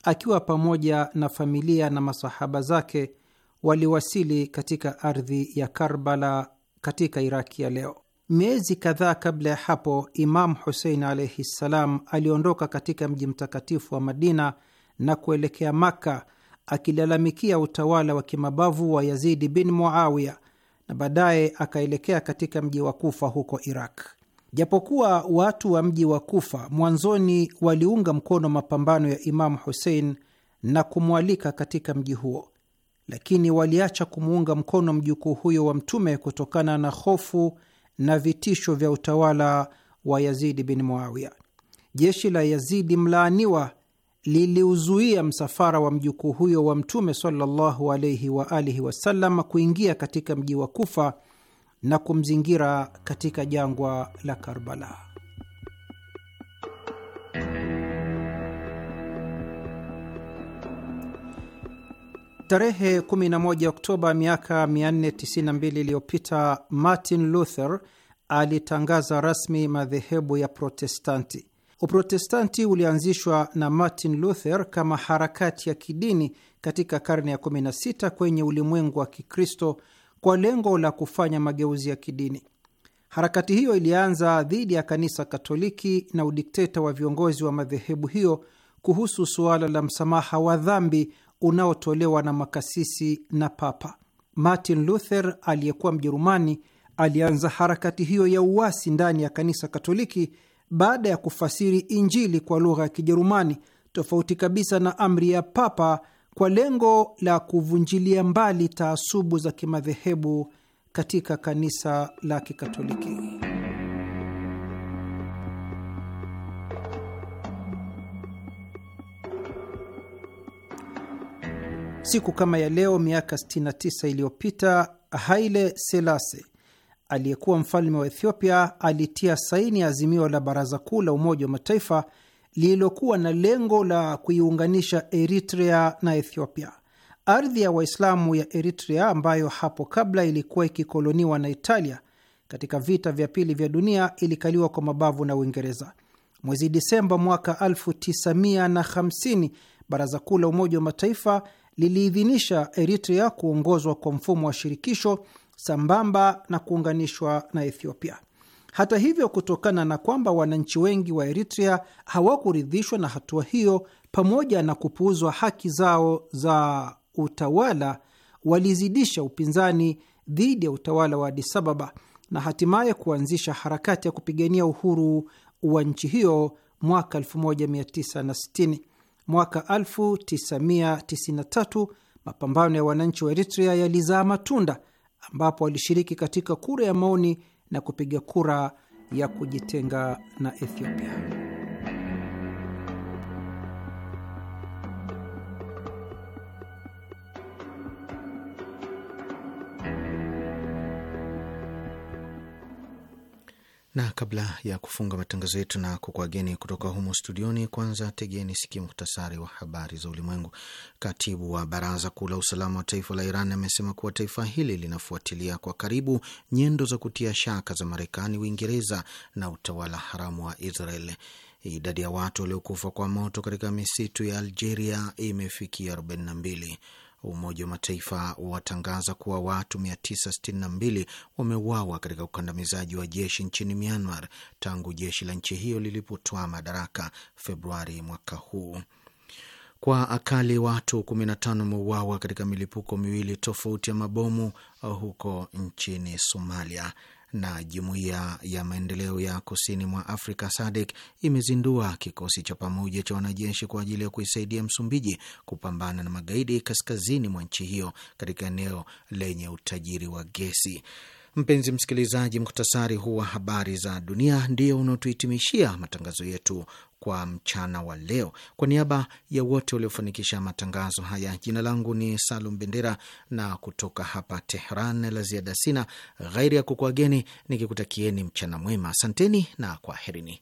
akiwa pamoja na familia na masahaba zake waliwasili katika ardhi ya Karbala katika Iraki ya leo. Miezi kadhaa kabla ya hapo, Imamu Husein alaihi ssalam aliondoka katika mji mtakatifu wa Madina na kuelekea Makka akilalamikia utawala wa kimabavu wa Yazidi bin Muawiya na baadaye akaelekea katika mji wa Kufa huko Iraq. Japokuwa watu wa mji wa Kufa mwanzoni waliunga mkono mapambano ya Imamu Husein na kumwalika katika mji huo, lakini waliacha kumuunga mkono mjukuu huyo wa Mtume kutokana na hofu na vitisho vya utawala wa Yazidi bin Muawiya. Jeshi la Yazidi mlaaniwa liliuzuia msafara wa mjukuu huyo wa Mtume sallallahu alaihi waalihi wasallam kuingia katika mji wa Kufa na kumzingira katika jangwa la Karbala. Tarehe 11 Oktoba miaka 492 iliyopita Martin Luther alitangaza rasmi madhehebu ya Protestanti. Uprotestanti ulianzishwa na Martin Luther kama harakati ya kidini katika karne ya 16 kwenye ulimwengu wa Kikristo kwa lengo la kufanya mageuzi ya kidini. Harakati hiyo ilianza dhidi ya kanisa Katoliki na udikteta wa viongozi wa madhehebu hiyo kuhusu suala la msamaha wa dhambi unaotolewa na makasisi na papa. Martin Luther aliyekuwa Mjerumani alianza harakati hiyo ya uasi ndani ya kanisa Katoliki baada ya kufasiri Injili kwa lugha ya Kijerumani, tofauti kabisa na amri ya papa kwa lengo la kuvunjilia mbali taasubu za kimadhehebu katika kanisa la Kikatoliki. Siku kama ya leo miaka 69 iliyopita Haile Selase aliyekuwa mfalme wa Ethiopia alitia saini ya azimio la Baraza Kuu la Umoja wa Mataifa lililokuwa na lengo la kuiunganisha Eritrea na Ethiopia. Ardhi ya Waislamu ya Eritrea ambayo hapo kabla ilikuwa ikikoloniwa na Italia katika vita vya pili vya dunia ilikaliwa kwa mabavu na Uingereza. Mwezi Disemba mwaka 1950 Baraza Kuu la Umoja wa Mataifa liliidhinisha Eritrea kuongozwa kwa mfumo wa shirikisho sambamba na kuunganishwa na Ethiopia. Hata hivyo, kutokana na kwamba wananchi wengi wa Eritrea hawakuridhishwa na hatua hiyo, pamoja na kupuuzwa haki zao za utawala, walizidisha upinzani dhidi ya utawala wa Addis Ababa na hatimaye kuanzisha harakati ya kupigania uhuru wa nchi hiyo mwaka 1960. Mwaka 1993 mapambano ya wananchi wa Eritrea yalizaa matunda ambapo walishiriki katika kura ya maoni na kupiga kura ya kujitenga na Ethiopia. na kabla ya kufunga matangazo yetu na kukuageni kutoka humo studioni, kwanza tegeni sikia muhtasari wa habari za ulimwengu. Katibu wa baraza kuu la usalama wa taifa la Iran amesema kuwa taifa hili linafuatilia kwa karibu nyendo za kutia shaka za Marekani, Uingereza na utawala haramu wa Israel. Idadi ya watu waliokufa kwa moto katika misitu ya Algeria imefikia 42. Umoja wa Mataifa watangaza kuwa watu 962 wameuawa katika ukandamizaji wa jeshi nchini Myanmar tangu jeshi la nchi hiyo lilipotwaa madaraka Februari mwaka huu. Kwa akali watu 15 wameuawa katika milipuko miwili tofauti ya mabomu uh, huko nchini Somalia na jumuiya ya maendeleo ya kusini mwa Afrika SADC imezindua kikosi cha pamoja cha wanajeshi kwa ajili ya kuisaidia Msumbiji kupambana na magaidi kaskazini mwa nchi hiyo katika eneo lenye utajiri wa gesi. Mpenzi msikilizaji, muktasari huu wa habari za dunia ndio unaotuhitimishia matangazo yetu kwa mchana wa leo. Kwa niaba ya wote waliofanikisha matangazo haya, jina langu ni Salum Bendera na kutoka hapa Tehran la ziada sina ghairi ya kukuageni nikikutakieni mchana mwema. Asanteni na kwaherini.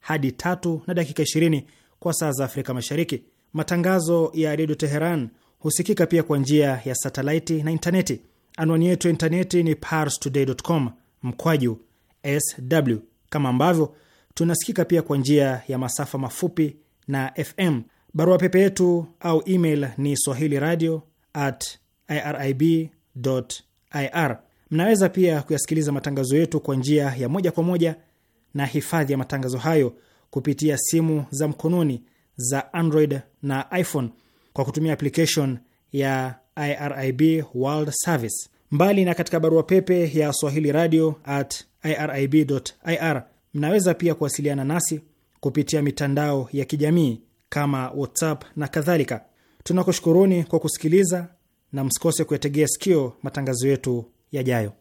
hadi tatu na dakika 20 kwa saa za Afrika Mashariki. Matangazo ya Redio Teheran husikika pia kwa njia ya satelaiti na intaneti. Anwani yetu ya intaneti ni parstoday.com mkwaju sw, kama ambavyo tunasikika pia kwa njia ya masafa mafupi na FM. Barua pepe yetu au email ni swahili radio at irib ir. Mnaweza pia kuyasikiliza matangazo yetu kwa njia ya moja kwa moja na hifadhi ya matangazo hayo kupitia simu za mkononi za Android na iPhone kwa kutumia application ya IRIB World Service. Mbali na katika barua pepe ya Swahili radio at ir, mnaweza pia kuwasiliana nasi kupitia mitandao ya kijamii kama WhatsApp na kadhalika. Tunakushukuruni kwa kusikiliza na msikose kuyategea sikio matangazo yetu yajayo.